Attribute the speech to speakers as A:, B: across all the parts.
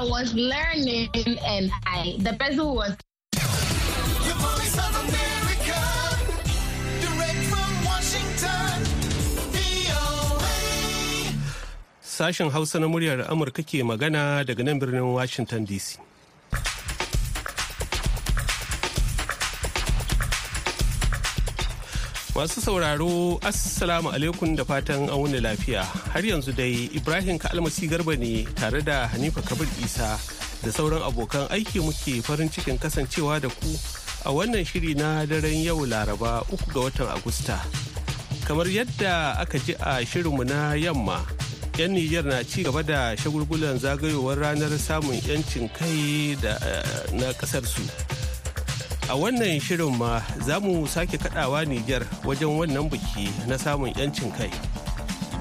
A: I was learning, and I the person who was.
B: Sashen Hausa na muryar Amurka ke magana daga nan birnin Washington DC. Masu sauraro, Assalamu alaikum da fatan auna lafiya. Har yanzu dai Ibrahim Kalmasi Garba ne tare da Hanifa Kabir Isa da sauran abokan aiki muke farin cikin kasancewa da ku a wannan shiri na daren yau Laraba uku ga watan Agusta. Kamar yadda aka ji a shirinmu na yamma, 'yan Nijar na ci gaba da shagulgulan zagayowar ranar samun 'yancin kai da eh, na ƙasarsu. su. a wannan shirin ma za mu sake kadawa Nijar wajen wannan biki na samun 'yancin kai.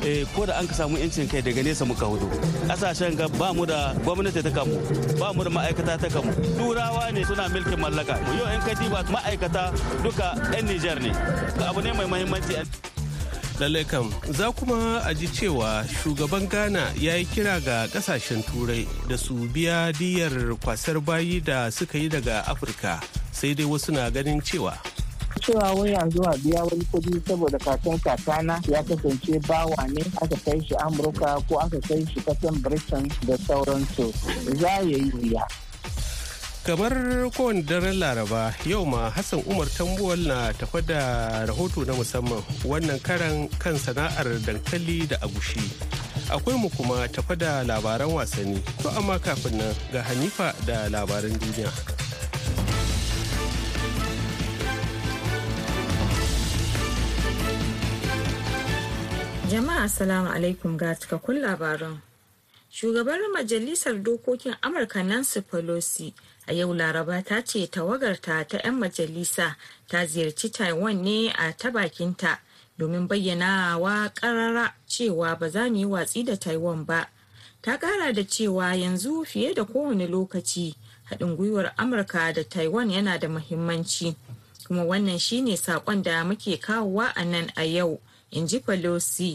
C: Eh, ko da an ka samu 'yancin kai daga nesa muka hudu ƙasashen ga ba mu da gwamnati ta kamu ba mu da ma'aikata ta kamu turawa ne suna milkin mallaka yau 'yan kati ba ma'aikata duka 'yan Nijar ne abu ne mai mahimmanci
B: lallai kam za kuma a ji cewa shugaban ghana ya yi kira ga kasashen turai da su biya diyar kwasar bayi da suka yi daga afirka sai dai wasu na ganin
D: cewa
A: cewa wai yanzu a biya wani kudi saboda kakan kakana ya kasance bawa ne aka kai shi amurka ko aka kai shi kasan britain da sauransu za ya yi wuya
B: kamar kowane daren laraba yau ma hassan umar tambuwal na tafa da rahoto na musamman wannan karan kan sana'ar dankali da agushi akwai mu kuma tafa da labaran wasanni to amma kafin nan ga hanifa da labaran duniya
E: Jama'a Assalamu alaikum ga cikakkun labaran. Shugabar Majalisar Dokokin Amurka Nancy Pelosi a yau Laraba ta ce tawagarta ta 'yan majalisa ta ziyarci Taiwan ne a ta bakinta domin bayyana wa karara cewa ba za mu yi watsi da Taiwan ba. Ta kara da cewa yanzu fiye da kowane lokaci haɗin gwiwar Amurka da Taiwan yana da muhimmanci. Kuma wannan shine saƙon da muke kawowa a nan a yau. in ji pelosi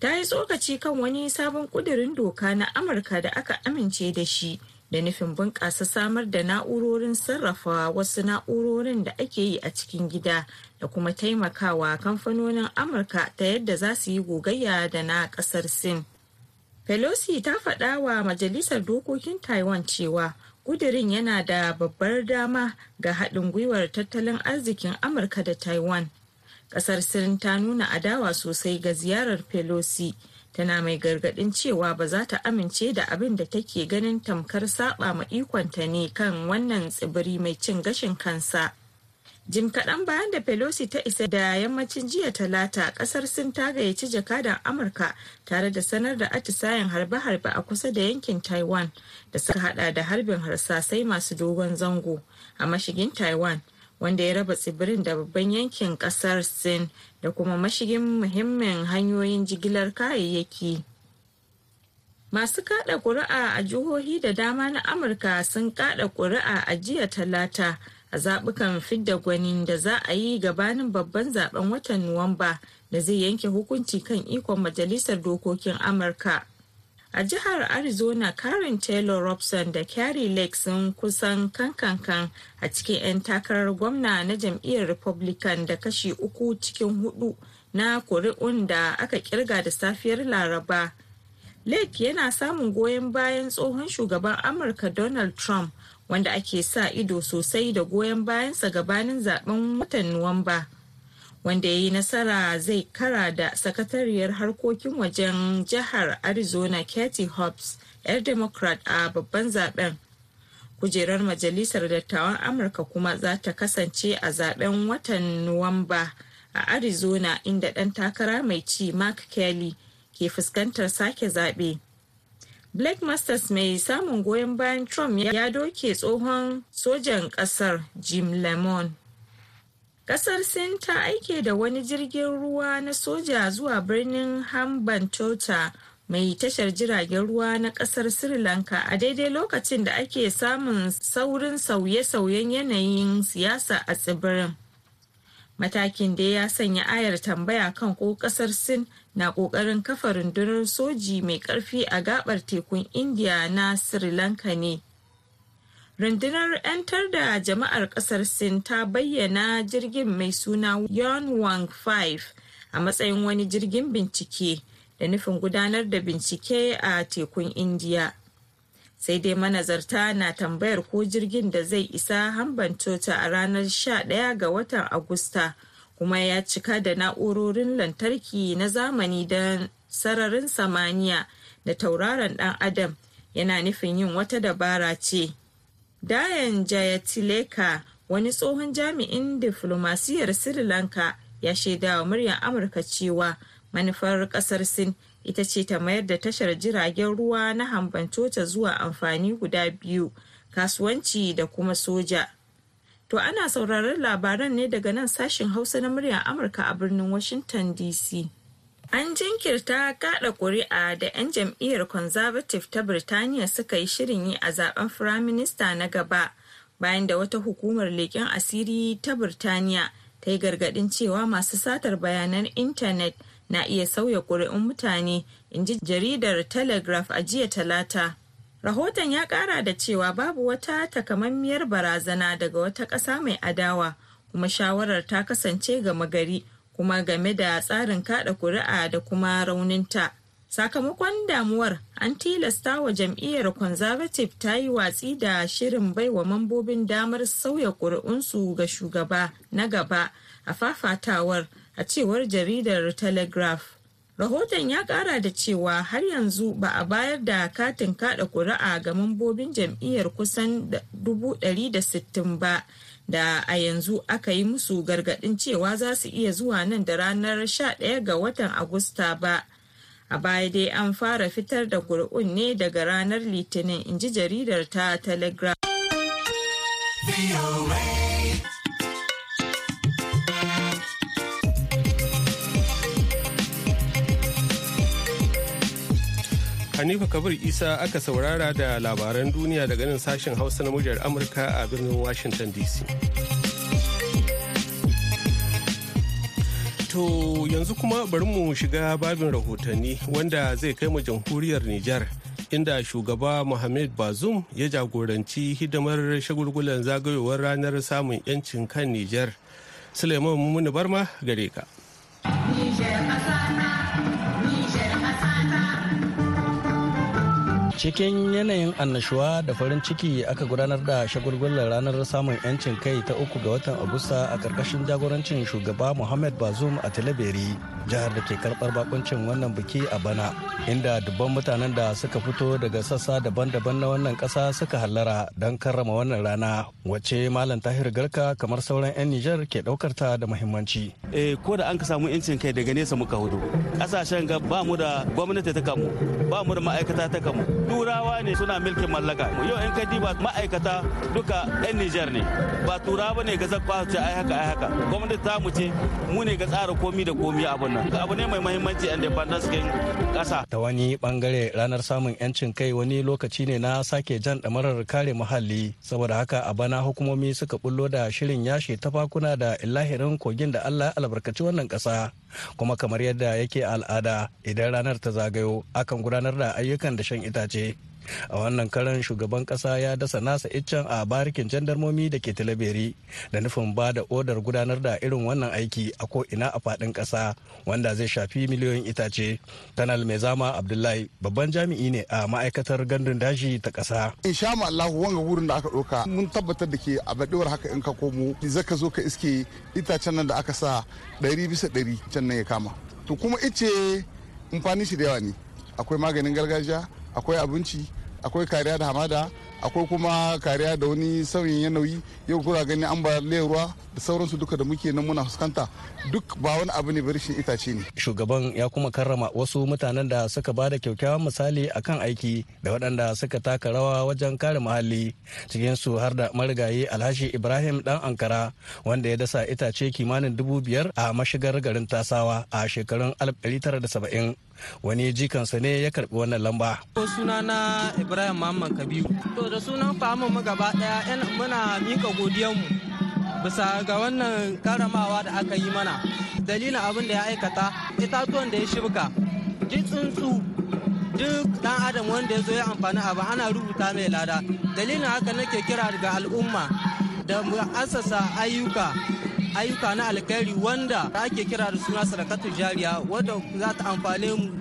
E: ta yi tsokaci kan wani sabon kudirin doka na amurka da aka amince da shi da nufin bunƙasa samar da na'urorin sarrafa wasu na'urorin da ake yi a cikin gida da kuma taimakawa kamfanonin amurka ta yadda za su yi gogayya da na ƙasar sin pelosi ta faɗa wa majalisar dokokin taiwan cewa kudirin yana da babbar dama ga haɗin gwiwar tattalin arzikin amurka da taiwan kasar sirin ta nuna adawa sosai ga ziyarar pelosi tana mai gargadin cewa ba za ta amince da abin da take ganin tamkar saba ma ikonta ne kan wannan tsibiri mai cin gashin kansa jim kaɗan bayan da pelosi ta isa da yammacin jiya talata ƙasar sin ta gayyaci jakadan amurka tare da sanar da atisayen harbe-harbe a kusa da yankin taiwan da suka hada da harbin harsasai masu dogon zango a mashigin taiwan wanda ya raba tsibirin da babban yankin kasar sin da kuma mashigin muhimmin hanyoyin jigilar kayayyaki masu kada kuri'a a jihohi da dama na amurka sun kada kuri'a a jiya talata a zaɓukan fidda gwani da za a yi gabanin babban zaben watan nuwamba da zai yanke hukunci kan ikon majalisar dokokin amurka a jihar arizona karen taylor robson da carrie lake sun kusan kankankan a cikin 'yan takarar gwamna na jam'iyyar republican da kashi uku cikin hudu na kuri'un da aka kirga da safiyar laraba lake yana samun goyon bayan tsohon shugaban amurka donald trump wanda ake sa ido sosai da goyon bayansa gabanin zaben watan nuwamba wanda ya yi nasara zai kara da sakatariyar harkokin wajen jihar arizona katie hobbs 'yar democrat a babban zaben kujerar majalisar dattawan amurka kuma za ta kasance a zaben watan nuwamba a arizona inda dan takara mai ci mark kelly ke fuskantar sake zaɓe. Blake Masters mai samun goyon bayan Trump ya doke tsohon sojan ƙasar Jim Lemon Kasar Sin ta aike da wani jirgin ruwa na soja zuwa birnin Hambantota mai tashar jiragen ruwa na kasar Sri Lanka a daidai lokacin da ake samun saurin sauye-sauyen yanayin siyasa a tsibirin. Matakin da ya sanya ayar tambaya kan ko kasar Sin na ƙoƙarin kafa rundunar soji mai ƙarfi a gabar tekun Indiya na Sri Lanka ne. rundunar 'yantar da jama'ar kasar sin ta bayyana jirgin mai suna Wang 5 a matsayin wani jirgin bincike da nufin gudanar da bincike a tekun indiya sai dai manazarta na tambayar ko jirgin da zai isa hamban tota a ranar 11 ga watan agusta kuma ya cika da na'urorin lantarki na zamani don sararin samaniya da tauraron dan adam yana nufin yin wata dabara ce Dayan Jayatileka wani tsohon jami'in diflomasiyyar Sri Lanka ya shaidawa muryar Amurka cewa manufar kasar Sin ita ce ta mayar da tashar jiragen ruwa na hambantota zuwa amfani guda biyu kasuwanci da kuma soja. To ana sauraron labaran ne daga nan sashin Hausa na muryar Amurka a birnin Washington DC. An jinkirta kada kuri'a da 'yan jam'iyyar Conservative ta Birtaniya suka yi shirin yi a zaben Firaminista na gaba bayan da wata hukumar leƙen asiri ta Birtaniya ta yi gargaɗin cewa masu satar bayanan intanet na iya sauya ƙuri'un mutane in ji jaridar Telegraph a jiya talata. Rahoton ya ƙara da cewa babu wata takamammiyar barazana daga wata ƙasa mai adawa kuma shawarar ta kasance gama gari. kuma game da tsarin kada kuri'a da kuma rauninta sakamakon damuwar an tilasta wa jam'iyyar conservative ta yi watsi da shirin baiwa mambobin damar sauya kuri'unsu ga shugaba na gaba a fafatawar a cewar jaridar telegraph rahoton ya kara da cewa har yanzu ba a bayar da katin kada kuri'a ga mambobin jam'iyyar kusan 160 ba da a yanzu aka yi musu gargaɗin cewa za su iya zuwa nan da ranar 11 ga watan Agusta ba. A baya dai an fara fitar da gur'un ne daga ranar Litinin, inji jaridar ta Telegram.
B: Hanifa Kabir Isa aka saurara da labaran duniya daga nan sashen Hausa na muryar Amurka a birnin Washington DC. To yanzu kuma bari mu shiga babin rahotanni wanda zai kai mu jamhuriyar Nijar. Inda shugaba Mohamed Bazum ya jagoranci hidimar shagulgulan zagayowar ranar samun 'yancin kan Nijar. Suleiman Mumuni Barma gare ka.
F: Cikin yanayin annashuwa da farin ciki aka gudanar da shagulgular ranar samun 'yancin kai ta uku ga watan Agusta a karkashin jagorancin shugaba Muhammad Bazoum a Talaberi, jihar da ke karbar bakuncin wannan biki a bana, inda dubban mutanen da suka fito daga sassa daban-daban na wannan kasa suka hallara don karrama wannan rana, wacce Malam Tahir Garka kamar sauran 'yan Nijar ke daukar ta da muhimmanci.
C: Eh, ko da an ka samu 'yancin kai daga nesa muka hudu, kasashen ga ba mu da gwamnati ta kamu, ba mu da ma'aikata ta kamu, turawa ne suna milkin mallaka yau in kadi ba ma'aikata duka yan nijar ne ba turawa ne ga zakwa ce ai haka ai haka gwamnati ta mu ce mu ne ga tsara komi da komi abun nan abu ne mai muhimmanci independence
F: kin kasa ta wani bangare ranar samun yancin kai wani lokaci ne na sake jan damarar kare muhalli saboda haka a bana hukumomi suka bullo da shirin yashe tafakuna da illahirin kogin da Allah ya albarkaci wannan kasa kuma kamar yadda yake al'ada idan ranar ta zagayo akan gudanar da ayyukan da shan itace a wannan karan shugaban kasa ya dasa nasa iccen a barikin jandarmomi da ke talabiri da nufin ba da odar gudanar da irin wannan aiki a ko ina a fadin kasa wanda zai shafi miliyoyin itace kanal mai zama abdullahi babban jami'i ne a ma'aikatar gandun daji ta kasa. in sha mu Allah wanga wurin da aka ɗauka
C: mun tabbatar da ke a baɗewar haka in ka komo zaka zo ka iske itacen nan da aka sa ɗari bisa ɗari can nan ya kama to kuma ice amfani shi da yawa ne akwai maganin gargajiya akwai abinci akwai kariya da hamada akwai kuma kariya da wani sauyin yanayi yau kura gani ba ruwa da sauransu
F: duka da muke nan muna fuskanta duk ba wani abu ne barishin itace ne shugaban ya kuma karrama wasu mutanen da suka ba da kyakkyawan misali akan aiki da waɗanda suka taka rawa wajen kare muhalli cikin su har da marigayi alhashi ibrahim dan ankara wanda ya dasa itace kimanin dubu biyar a mashigar garin tasawa a shekarun 1970 wani jikansa ne ya karbi wannan lamba sunana ibrahim muhammad kabiru
C: saboda sunan famu mu gaba daya muna mika godiyanmu bisa ga wannan karamawa da aka yi mana dalilin abin da ya aikata itatuwan da ya shibka ji tsuntsu duk dan adam wanda ya zo ya amfani abu ana rubuta mai lada dalilin haka nake kira daga al'umma da mu ayyuka
G: ayyuka na alkhairi wanda ake kira da suna sadakatu jariya wadda za ta amfane
H: mu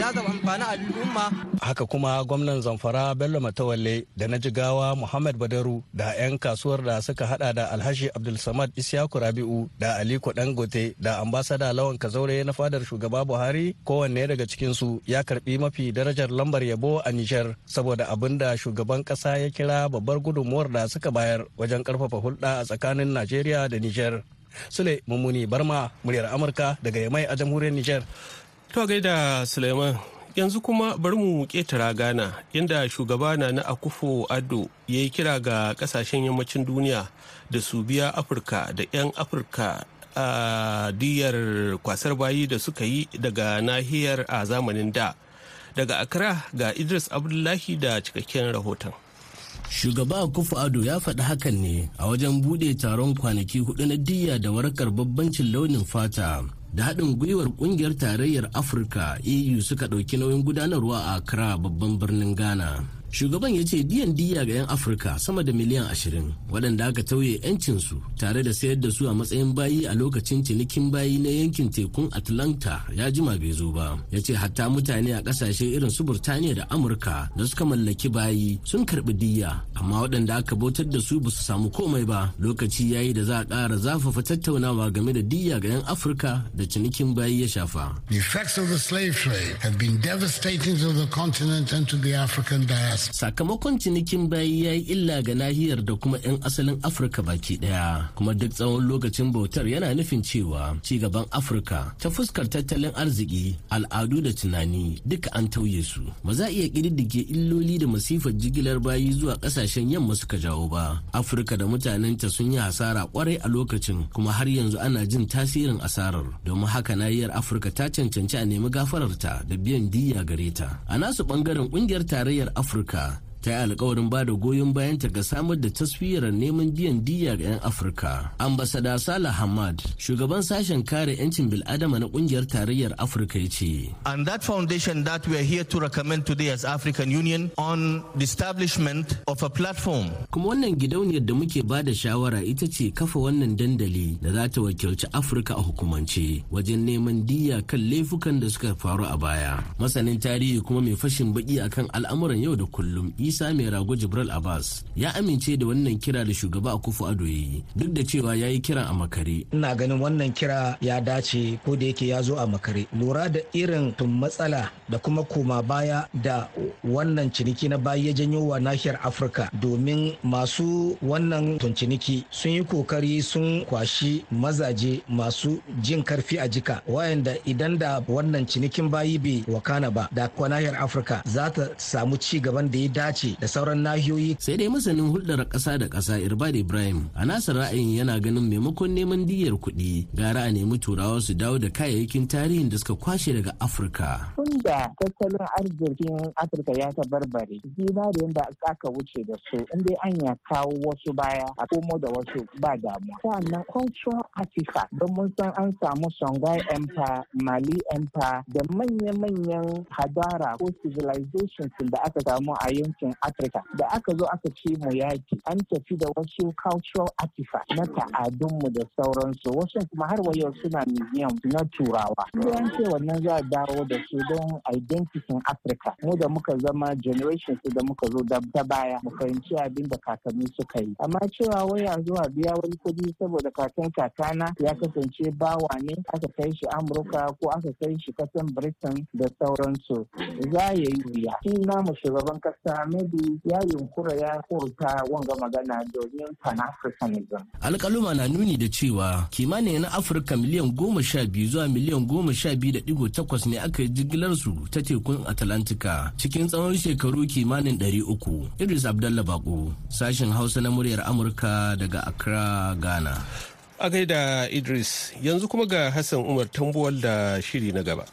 H: amfani al'umma
F: haka kuma gwamnan zamfara bello matawalle da na jigawa muhammad badaru da 'yan kasuwar da suka hada da alhashi samad isyaku rabi'u da aliko dangote da ambasada lawan kazaure na fadar shugaba buhari kowanne daga cikinsu ya karbi mafi darajar lambar yabo a nijar saboda abin da shugaban kasa ya kira babbar gudunmuwar da suka bayar wajen karfafa hulɗa a tsakanin najeriya da nijar Sule Mummuni Barma muryar Amurka daga Yamai a jamhuriyar Nijar. To gaida
B: Suleiman yanzu kuma bari mu ƙetara Ghana inda shugaba na na Akufo Addo ya yi kira ga kasashen yammacin duniya da su biya Afirka da 'yan Afirka a diyar kwasar bayi da suka yi daga nahiyar a zamanin da. Daga Accra ga Idris Abdullahi da cikakken rahoton.
D: Shugaba Kufu Ado ya faɗi hakan ne a wajen bude taron kwanaki hudu na diya da warakar babbancin launin fata. da haɗin gwiwar ƙungiyar tarayyar afirka eu suka ɗauki nauyin gudanarwa a accra babban birnin ghana shugaban ya ce biyan diya ga 'yan afirka sama da miliyan ashirin waɗanda aka tauye 'yancinsu tare da sayar da su a matsayin bayi a lokacin cinikin bayi na yankin tekun atlanta ya jima bai zo ba ya ce hatta mutane a ƙasashe irin su burtaniya da amurka da suka mallaki bayi sun karɓi diya amma waɗanda aka bautar da su ba su samu komai ba lokaci ya yi da za a ƙara zafafa tattaunawa game da diya ga 'yan afirka da cinikin bayi ya shafa the effects of the slave trade have been devastating to the continent and to the african diaspora sakamakon cinikin bayi ya yi illa ga nahiyar da kuma 'yan asalin afirka baki daya kuma duk tsawon lokacin bautar yana nufin cewa ci gaban afirka ta fuskar tattalin arziki al'adu da tunani duka an tauye su ba za iya kididdige illoli da masifar jigilar bayi zuwa kasashen yamma suka jawo ba afirka da mutanenta sun yi hasara kwarai a lokacin kuma har yanzu ana jin tasirin asarar domin haka nahiyar afirka ta cancanci a nemi gafararta da biyan diya gare ta a nasu bangaren kungiyar tarayyar afirka Car. ta yi alkawarin ba da goyon ta ga samar da taswirar neman biyan diya ga 'yan afirka ambasada sala hamad shugaban sashen kare 'yancin bil'adama na kungiyar tarayyar afirka ya ce
F: and that foundation that we are here to recommend today as african union on the establishment of a platform
D: kuma wannan gidauniyar da muke ba da shawara ita ce kafa wannan dandali da za ta wakilci afirka a hukumance wajen neman diyya kan laifukan da suka faru a baya masanin tarihi kuma mai fashin baki akan al'amuran yau da kullum isa mai rago jibril abbas ya amince da wannan kira da shugaba akufu ado ya yi duk da cewa ya yi kira a makare
G: ina ganin wannan kira ya dace ko da yake ya zo a makare lura da irin tun matsala da kuma koma baya da wannan ciniki na baya ya janyo wa nahiyar afirka domin masu wannan tun ciniki sun yi kokari sun kwashi mazaje masu jin karfi a jika wayanda idan da wannan cinikin bayi bai wakana ba da nahiyar afirka za ta samu ci gaban da ya dace ce da sauran nahiyoyi. Sai dai
D: masanin hulɗar ƙasa da ƙasa Irbad Ibrahim a nasa ra'ayin yana ganin maimakon neman diyar kuɗi gara a nemi turawa su dawo da kayayyakin tarihin da suka kwashe daga Afirka.
A: Tun da tattalin arzikin Afirka ya tabarbare zinariyan da aka wuce da su inda an ya kawo wasu baya a komo da wasu ba damuwa. Sannan cultural artifact don mun san an samu Songhai Empire, Mali Empire da manya-manyan hadara ko civilization da aka samu a yankin Da aka zo aka ce mu yaki an tafi da wasu cultural artifacts na mu da sauransu wasu kuma har yau suna museum na turawa. Yawan ce wannan za a dawo da su don identity Afirka. Mu da muka zama generation su da muka zo da ta baya mu fahimci abin da kakanni suka yi. Amma cewa waya zuwa biya wani kudi saboda kakan kakana ya kasance bawa ne aka kai shi Amurka ko aka kai shi kasan Britain da sauransu. Za a yi wuya. Shi namu shugaban kasa Muhammadu ya yunkura ya furta wanga magana domin pan-Africanism.
D: Alƙaluma na nuni da cewa kimanin na Afirka miliyan goma sha biyu zuwa miliyan goma sha biyu da digo takwas ne aka yi jigilar su ta tekun Atlantika cikin tsawon shekaru kimanin ɗari uku. Idris Abdalla Bako, sashen Hausa na muryar Amurka daga Accra, Ghana. A gaida
B: Idris, yanzu kuma ga Hassan Umar tambuwal da shiri na gaba.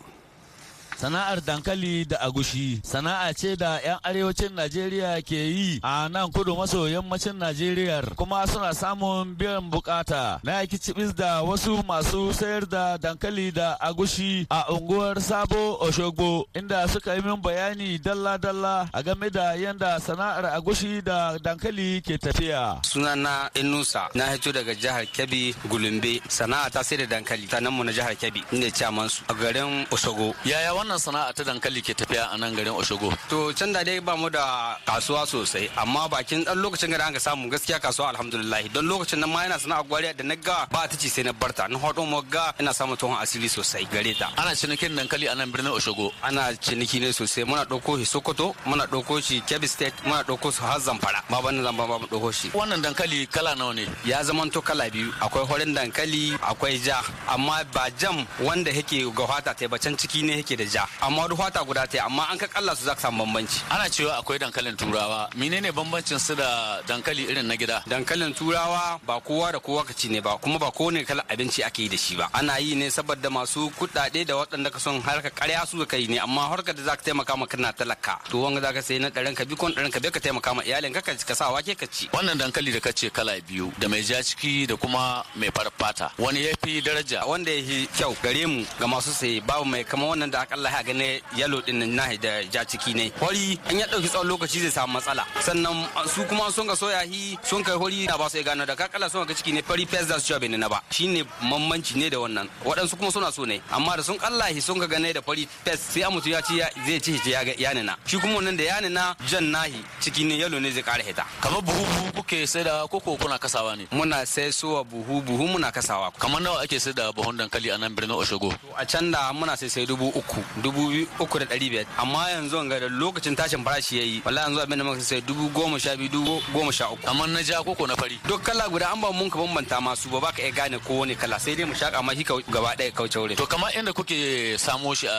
C: sana'ar dankali da agushi sana'a ce da 'yan arewacin najeriya ke yi a nan kudu maso yammacin najeriya kuma suna samun biyan bukata na yaki cibis da wasu masu sayar da dankali da agushi a unguwar sabo oshogbo inda suka yi min bayani dalla-dalla a game da yadda sana'ar agushi da dankali ke tafiya na inusa na hito daga jihar kebbi gulumbe sana'a ta sai da dankali ta nan mu na jihar kebbi inda ce a garin oshogbo yaya wannan wannan sana'a ta dankali ke tafiya a nan garin Oshogo? To can da dai ba mu da kasuwa sosai amma bakin dan lokacin da an ka samu gaskiya kasuwa alhamdulillah don lokacin nan ma yana sana'a gwariya da na ga ba ta ci sai na barta na hodo mu ga ina samu tuhon asiri sosai gare ta. Ana cinikin dankali a nan birnin Oshogo. Ana ciniki ne sosai muna dauko shi Sokoto muna dauko shi Kebbi State muna dauko su har Zamfara ba ban nan ba mu dauko shi. Wannan dankali kala nawa ne? Ya zamanto kala biyu akwai horin dankali akwai ja amma ba jam wanda yake ga ta ba can ciki ne yake da ja ɗaya amma duk fata guda ta amma an ka kalla su zaka samu bambanci ana cewa akwai dankalin turawa menene bambancin su da dankali irin na gida dankalin turawa ba kowa da kowa ka ci ne ba kuma ba kowane kalan abinci ake yi da shi ba ana yi ne saboda masu kuɗaɗe da waɗanda ka son ka ƙarya su kai ne amma harkar da zaka taimaka ma kana talaka to wanga zaka sai na ɗarin ka bi kon ɗarin ka bi ka taimaka ma iyalin ka ka sa wake ka ci wannan dankali da ka ce kala biyu da mai ja ciki da kuma mai farfata wani ya fi daraja wanda ya fi kyau gare mu ga masu saye babu mai kama wannan da akalla za ka gane yalo din nan nahi da ja ciki ne hori an ya dauki tsawon lokaci zai samu matsala sannan su kuma sun ga soya hi sun kai hori da ba su gano da kakala sun ga ciki ne fari fes da su cewa na ba shine mammanci ne da wannan waɗansu kuma suna so ne amma da sun kallahi sun ga gane da fari fes sai amutu ya ci zai ci shi ya na shi kuma wannan da yana na jan nahi ciki ne yalo ne zai kara hita kamar buhu buhu kuke sai da koko kuna kasawa ne muna sai suwa buhu buhu muna kasawa kamar nawa ake sai da buhun dankali a nan birnin oshogo a can da muna sai sai dubu uku dubu uku da ɗari biyar amma yanzu ga da lokacin tashin farashi ya yi wallahi yanzu abin da muka sai dubu goma sha biyu dubu goma sha uku amma na ja koko na fari duk kala guda an ba mun ka bambanta masu ba baka iya gane ko wani kala sai dai mu shaka amma shi gaba ɗaya kauce wurin to kamar inda kuke samo shi a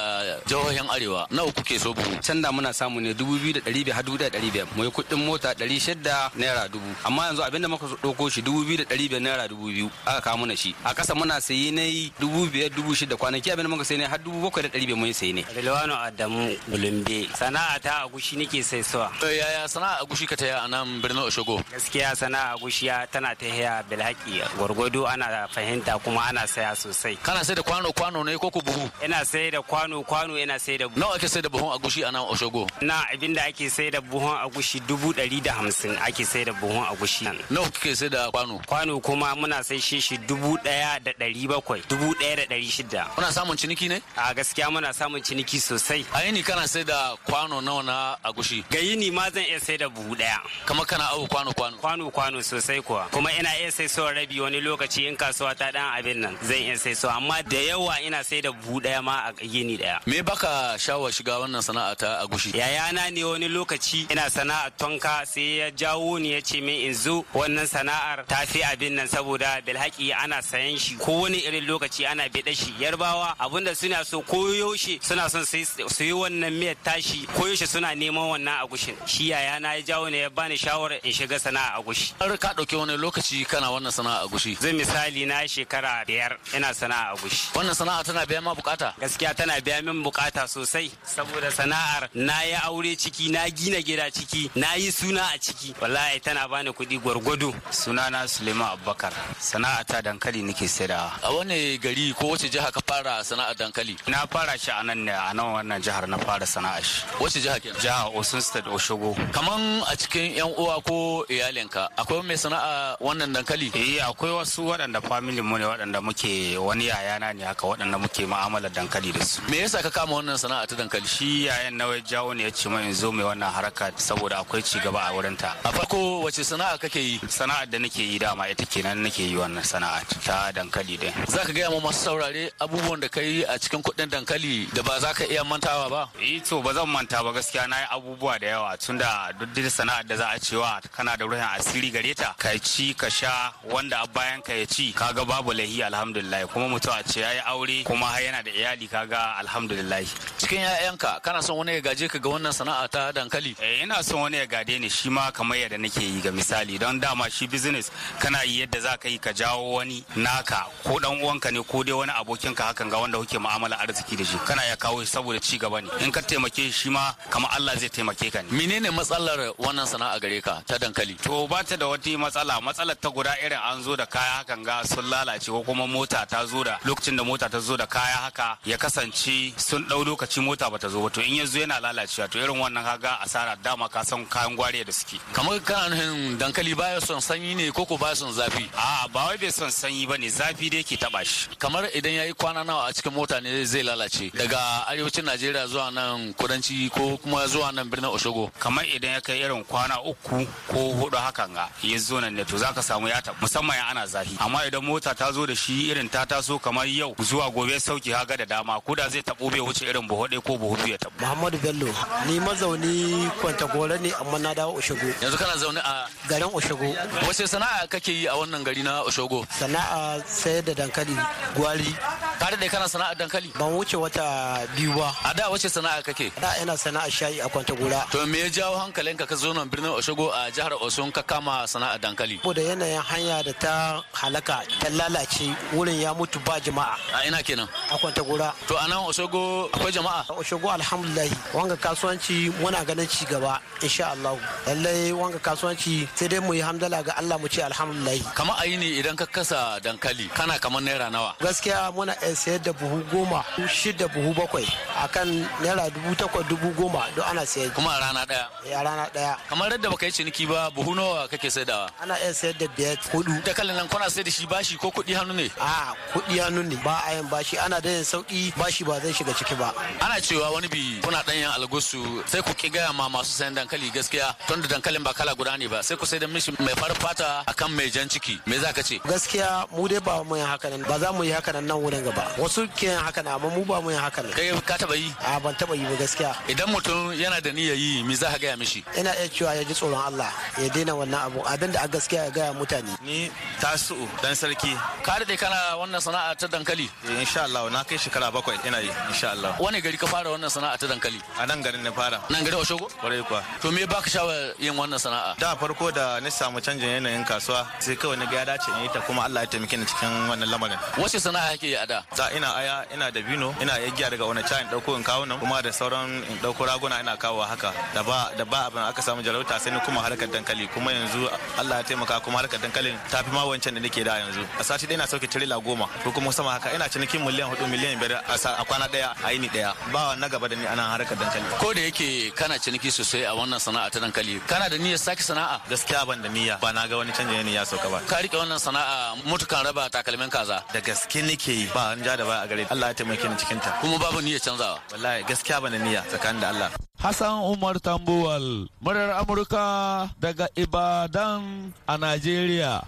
C: jihohin arewa nawa kuke so buhu can da muna samu ne dubu biyu da ɗari biyar har dubu da ɗari biyar mu yi kuɗin mota ɗari shida naira dubu amma yanzu abin da muka ɗauko shi dubu biyu da ɗari biyar naira dubu biyu aka kawo mana shi a ƙasa muna sayi na dubu biyar dubu shida kwanaki abin da muka sayi ne har dubu bakwai da ɗari biyar mun yi ne. Rilwano Adamu Bulumbe. Sana'a ta agushi nake sai suwa. To yaya sana'a agushi ka taya a nan birnin Oshogo? Gaskiya sana'a agushi tana ta haya bilhaki gwargwado ana fahimta kuma ana saya sosai. Kana sai da kwano kwano ne ko ku buhu? Ina sai da kwano kwano ina sai da buhu. Nawa ake sai da buhun agushi a nan Oshogo? Na abinda ake sai da buhun agushi dubu ɗari da hamsin ake sai da buhun agushi. Nawa kuke sai da kwano? Kwano kuma muna sai shi shi dubu ɗaya da ɗari bakwai dubu ɗaya da ɗari shida. Muna samun ciniki ne? A gaskiya muna samun samun ciniki sosai a yini kana sai da kwano nawa na agushi ga yini ma zan iya sai da buhu daya kama kana abu kwano kwano kwano kwano sosai kuwa kuma ina iya sai so rabi wani lokaci in kasuwa ta dan abin nan zan iya sai so amma da yawa ina sai da buhu daya ma a yini daya me baka shawa shiga wannan sana'a ta agushi yayana ne wani lokaci ina sana'a tonka sai ya jawo ni ya ce min in zo wannan sana'ar ta fi abin nan saboda bilhaki ana sayan shi ko wani irin lokaci ana bida shi yarbawa abinda suna so ko yaushe suna son su yi wannan miyar tashi koyaushe suna neman wannan agushin shi yaya na ya jawo ne ya bani shawarar in shiga sana'a agushi har ka dauki wani lokaci kana wannan sana'a agushi zai misali na shekara biyar ina sana'a agushi wannan sana'a tana biya ma bukata gaskiya tana biya min bukata sosai saboda sana'ar na yi aure ciki na gina gida ciki na yi suna a ciki wallahi tana bani kuɗi gwargwado sunana suleiman abubakar sana'a ta dankali nake sayarwa. a wani gari ko wace jiha ka fara sana'a dankali na fara shi a nan ne a nan wannan jihar na fara sana'a shi wace jiha kenan jiha Osun State Oshogo kaman a cikin yan uwa ko iyalinka akwai mai sana'a wannan dankali eh akwai wasu waɗanda family mu ne waɗanda muke wani yayana ne haka waɗanda muke mu'amalar dankali da su me yasa ka kama wannan sana'a ta dankali shi yayan nawa jawo ne ya ce mai zo mai wannan haraka saboda akwai ci gaba a wurin ta a farko wace sana'a kake yi sana'ar da nake yi dama ita kenan nake yi wannan sana'a ta dankali din ka gaya ma masu saurare abubuwan da kai a cikin kuɗin dankali da da ba za ka iya mantawa ba? Eh to ba zan manta ba gaskiya na yi abubuwa da yawa tun da duk sana'ar da za a cewa kana da ruhin asiri gare ta ka ci ka sha wanda a bayan ka ya ci kaga babu lahi alhamdulillah kuma mutum a ce yayi aure kuma har yana da iyali kaga alhamdulillah. Cikin 'ya'yanka kana son wani ya gaje ka ga wannan sana'a ta dankali? Eh ina son wani ya gade ni shi ma kamar yadda nake yi ga misali don dama shi business kana yi yadda za ka yi ka jawo wani naka ko dan uwanka ne ko dai wani abokinka hakan ga wanda kuke mu'amala arziki da shi kana ya kawo saboda ci gaba ne in ka taimake shi ma kamar Allah zai taimake ka ne menene matsalar wannan sana'a gare ka ta dankali to ba ta da wata matsala matsalar ta guda irin an zo da kaya hakan ga sun lalace ko kuma mota ta zo da lokacin da mota ta zo da kaya haka ya kasance sun dau lokaci mota bata zo ba to in ya zo yana lalacewa to irin wannan kaga asara dama ka san kayan gwari da suke kamar kana dankali baya son sanyi ne ko ko baya son zafi a ba wai bai son sanyi ne. zafi dai ke taba shi kamar idan yayi kwana nawa a cikin mota ne zai lalace daga arewacin najeriya zuwa nan kudanci ko kuma zuwa nan birnin oshogo kamar idan ya kai irin kwana uku ko hudu hakan ga ya zo nan ne to ka samu ya musamman ya ana zafi amma idan mota ta zo da shi irin ta taso kamar yau zuwa gobe sauki ga da dama ko da zai tabo bai wuce irin buhu ko buhu biyu
H: ya tabo muhammadu bello ni mazauni kwanta gore ne amma na dawo oshogo yanzu kana zaune a garin oshogo
C: wace sana'a kake yi a wannan gari na oshogo
H: sana'a sayar da dankali gwari tare da kana sana'a dankali ban wuce wata da A da wace sana'a kake? Da ina sana'a shayi a gura
C: To me ya jawo hankalinka ka zo nan birnin Oshogo a jihar Osun ka kama sana'a dankali?
H: da yanayin hanya da ta halaka ta lalace wurin ya mutu ba jama'a. A ina kenan? A gura To a nan Oshogo akwai jama'a? Oshogo alhamdulilayi. Wanga kasuwanci muna ganin ci gaba insha Allah. Lallai wanga kasuwanci sai dai mu yi hamdala ga Allah mu ce alhamdulilayi.
C: Kamar ayi ne idan ka kasa dankali kana kamar naira nawa?
H: Gaskiya muna sayar da buhu goma shida buhu bakwai a kan naira dubu takwas dubu goma don ana sayar kuma a rana daya eh, a rana daya
C: kamar yadda baka yi ciniki ba buhu nawa kake saidawa
H: ana iya sayar da biyar kudu
C: da kalan nan kuna sayar da shi bashi ko kudi hannu ne a
H: kudi hannu ne ba a yin bashi ana da yin sauki bashi ba zai shiga ciki ba
C: ana cewa wani bi kuna danyen yin algusu sai ku ki gaya ma masu sayan dankali gaskiya tun da dankalin ba kala guda ne ba sai ku sai da mishi mai farin fata akan mai jan ciki me za ka ce
H: gaskiya mu dai ba mu yi haka nan ba za mu yi haka nan nan wurin gaba wasu ke haka nan amma mu ba mu yi haka kai ka taba yi a ban taba yi ba gaskiya
C: idan mutum yana da niyyar yi me za ka gaya mishi
H: ina iya cewa ya ji tsoron Allah ya daina wannan abu abin da a gaskiya ya gaya mutane ni tasu
C: dan sarki ka da kana wannan sana'a ta dankali eh, insha Allah na kai shekara bakwai ina yi insha Allah wani gari ka fara wannan sana'a ta dankali a nan garin na fara nan garin Oshogo kwarai kuwa to me baka shawar yin wannan sana'a da farko da ni samu canjin yanayin kasuwa sai kawai na ga ya dace in yi ta kuma Allah ya taimake ni cikin wannan lamarin wace sana'a kake yi a da ina aya ina da bino ina yagiya daga wani can in dauko in kawo nan kuma da sauran in dauko raguna ina kawo haka da ba da ba abin aka samu jarauta sai ni kuma harkar dankali kuma yanzu Allah ya taimaka kuma harkar dankalin ta fi ma wancan da nake da yanzu a sati ɗaya na sauke tirela goma ko kuma sama haka ina cinikin miliyan hudu miliyan biyar a kwana ɗaya a yini ɗaya ba na gaba da ni ana harkar dankali ko da yake kana ciniki sosai a wannan sana'a ta dankali kana da niyyar sake sana'a gaskiya ban da niyya ba na ga wani canjin ne ya sauka ba ka rike wannan sana'a mutukan raba takalmin kaza da gaske nake ba an ja da ba a gare Allah ya taimake ni cikin ta kuma babu niyya canzawa wallahi gaskiya bana niyya tsakanin da Allah Hassan Umar Tambuwal murar Amurka daga Ibadan
B: a Najeriya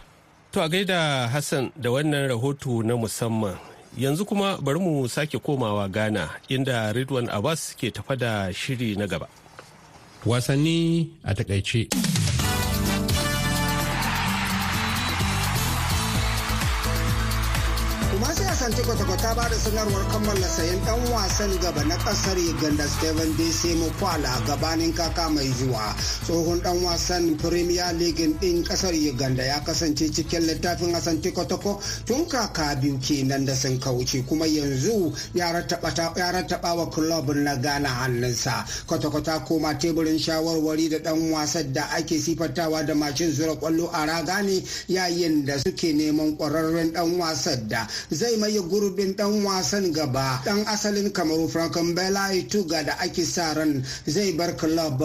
B: To a gaida Hassan da wannan rahoto na musamman yanzu kuma bari mu sake komawa Ghana inda Ridwan Abbas ke tafa da shiri na gaba wasanni a takaice
G: Asante Kotoko ta bada sanarwar kammala sayan dan wasan gaba na kasar Uganda Steven dc Mukwala gabanin kaka mai zuwa. Tsohon dan wasan Premier League din kasar Uganda ya kasance cikin littafin hasan Kotoko tun kaka biyu kenan da sun kauce kuma yanzu ya rattaba wa club na gana hannunsa. kwata-kwata koma teburin shawarwari da dan wasan da ake sifatawa da mashin zura kwallo a raga ne yayin da suke neman kwararren dan wasan da zai mai maye gurbin dan wasan gaba dan asalin kamaru frankan bela tuga da ake sa ran zai bar club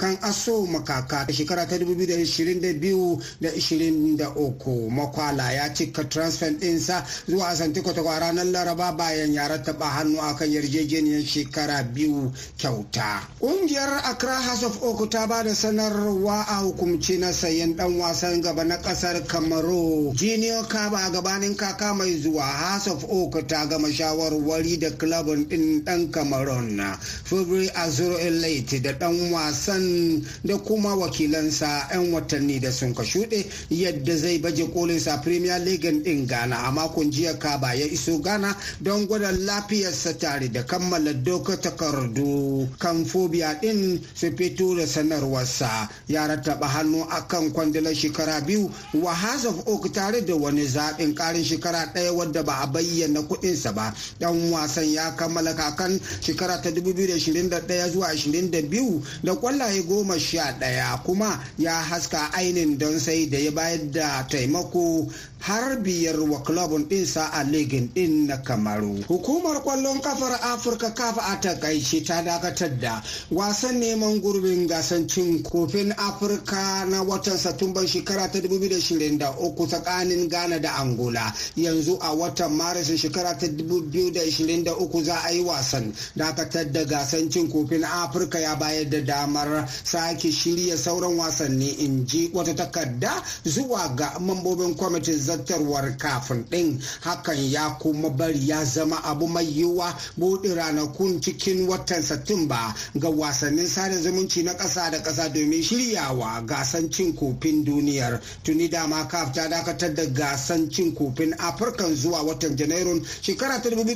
G: kan aso makaka shekara ta 2022 da 23 makwala ya cika transfer ɗinsa zuwa asanti kwatakwa ranar laraba bayan ya rattaba hannu akan yarjejeniyar shekara biyu kyauta ƙungiyar accra house of oak ta ba da sanarwa a hukumci na sayan dan wasan gaba na ƙasar kamaru junior kaba gabanin kaka mai zuwa Asaf of ta gama shawarwari da klabin ɗin ɗan Cameroon na Fabri Azuro Elite da ɗan wasan da kuma wakilansa 'yan watanni da sun ka shuɗe yadda zai baje kolinsa Premier League ɗin Ghana a makon jiya Kaba ya iso Ghana don gwada lafiyarsa tare da kammala doka takardu kan fobia ɗin su fito da sanarwarsa ya rattaba hannu akan kwandilar shekara biyu wa House oka tare da wani zaɓin ƙarin shekara ɗaya wadda ba ba a bayyana kuɗinsa ba dan wasan ya kammala kakan shekara ta 2021 zuwa 22 da kwallaye goma sha ɗaya kuma ya haska ainin don sai da ya bayar da taimako har biyar wa kulabun ɗinsa a ligin ɗin na kamaru hukumar kwallon kafar afirka kafa a takaice ta dakatar da wasan neman gurbin gasan cin kofin afirka na watan satumban shekara ta 2023 tsakanin ghana da angola yanzu a watan maris shekara ta 2023 za a yi wasan dakatar da gasan cin kofin afirka ya bayar da damar sake shirya sauran wasanni in ji wata takarda zuwa ga mambobin kwamitin zartarwar kafin ɗin hakan ya kuma bari ya zama abu mai yiwuwa buɗe ranakun cikin watan satumba ga wasannin sada zumunci na ƙasa da ƙasa domin shiryawa gasan cin kofin duniyar tuni dama kaf ta dakatar da gasan cin kofin afirkan zuwa watan janairun shekara ta dubu da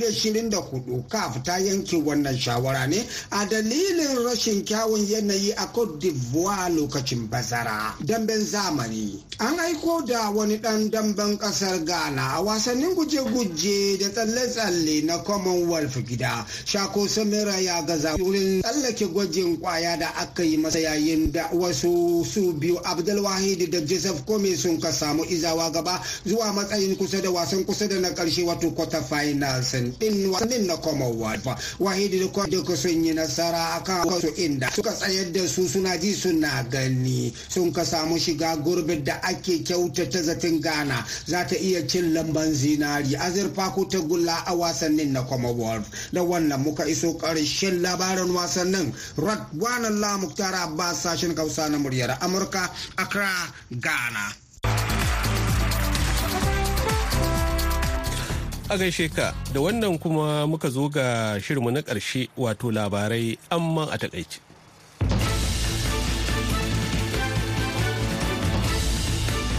G: da hudu kaf ta yanke wannan shawara ne a dalilin rashin kyawun yanayi a cote d'ivoire lokacin bazara damben zamani an aiko da wani ɗan damben ɗan ƙasar ghana a wasannin guje-guje da tsalle-tsalle na commonwealth gida shako samira ya gaza wurin tsallake gwajin kwaya da aka yi masa yayin da wasu su biyu abdulwahid da joseph kome sun ka samu izawa gaba zuwa matsayin kusa da wasan kusa da na ƙarshe wato quarter finals din wasannin na commonwealth wahid da kwadaka sun yi nasara akan wasu inda suka tsayar da su suna ji suna gani sun ka samu shiga gurbin da ake kyautata zatin gana. za ta iya cin lamban zinari azurfa ko gula a wasannin na commonwealth da wannan muka iso karshen labarin wasannin radwanan lamuktar ba sashen kausa na muryar amurka accra
A: ghana
B: a gaishe ka da wannan kuma muka zo ga shirmu na ƙarshe wato labarai amma a takaice.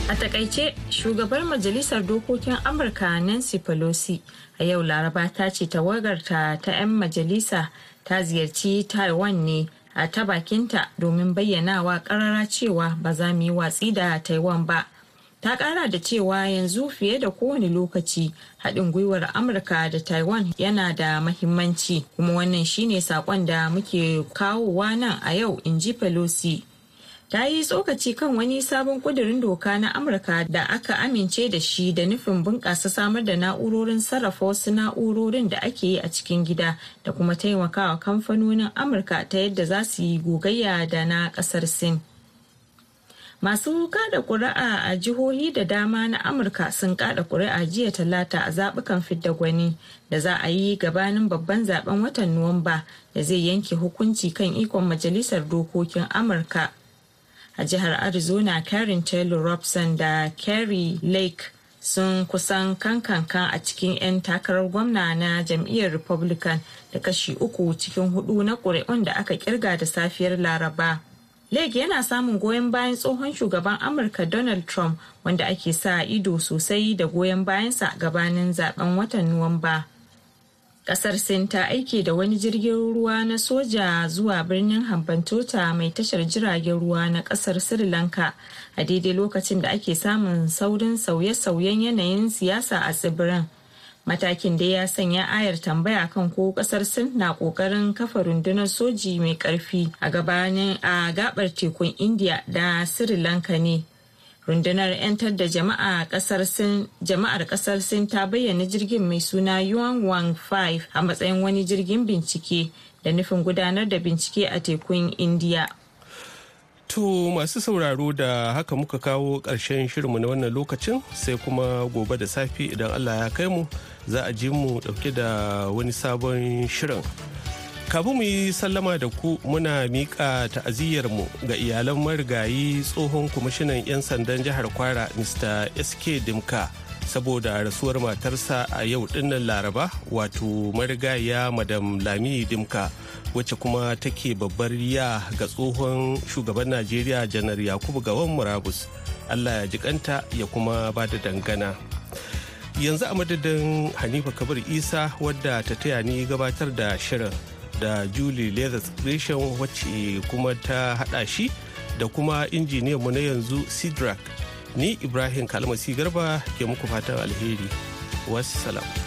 E: A takaice shugabar majalisar dokokin Amurka Nancy Pelosi a yau laraba ta ce tawagarta ta 'yan majalisa ta ziyarci Taiwan ne a ta bakinta domin bayyanawa karara cewa ba za mu yi watsi da Taiwan ba. Ta kara da cewa yanzu fiye da kowane lokaci haɗin gwiwar Amurka da Taiwan yana da mahimmanci kuma wannan shine saƙon da muke kawowa nan a yau in ji Pelosi. ta yi tsokaci kan wani sabon kudirin doka na amurka da aka amince da shi da nufin bunƙasa samar da na'urorin sarrafa wasu na'urorin da ake yi a cikin gida da kuma taimakawa kamfanonin amurka ta yadda za su yi gogayya da na ƙasar sin masu kada ƙuri'a a jihohi da dama na amurka sun kada ƙuri'a jiya talata a zabukan fidda gwani da za a yi gabanin babban zaben watan nuwamba da zai yanke hukunci kan ikon majalisar dokokin amurka a jihar arizona karin taylor robson da kerry lake sun kusan kankanka a cikin 'yan takarar gwamna na jam'iyyar republican da kashi uku cikin hudu na ƙuri'un da aka kirga da safiyar laraba lake yana samun goyon bayan tsohon shugaban amurka donald trump wanda ake sa ido sosai da goyon bayansa gabanin zaben watan nuwamba Kasar Sin ta aike da wani jirgin ruwa na soja zuwa birnin Hambantota mai tashar jiragen ruwa na kasar Sri Lanka a daidai lokacin da ake samun saurin sauye-sauyen yanayin siyasa a tsibirin. Matakin da ya sanya ayar tambaya kan ko kasar Sin na kokarin kafa rundunar soji mai karfi a gabanin a gabar tekun India da Sri Lanka ne. rundunar 'yantar da jama'ar kasar sin ta bayyana jirgin mai suna yuan wang 5 a matsayin wani jirgin bincike da nufin gudanar da bincike a tekun indiya
B: To masu sauraro da haka muka kawo ƙarshen shirinmu na wannan lokacin sai kuma gobe da safe idan Allah ya kai mu za a ji mu ɗauke da wani sabon shirin. kafin mu yi sallama da ku muna miƙa mu ga iyalan marigayi tsohon kwamishinan 'yan sandan jihar kwara mr sk dimka saboda rasuwar matarsa a yau dinnan laraba wato marigaya madam lami dimka wacce kuma take babbar ya ga tsohon shugaban najeriya janar yakubu gawan murabus allah ya jikanta ya kuma ba da dangana yanzu a madadin hanifa kabir isa wadda ta taya ni gabatar da shirin da julie leathers gresham wacce kuma ta hada shi da kuma mu na yanzu sidrak ni ibrahim kalmasi garba ke muku fatan alheri wassalam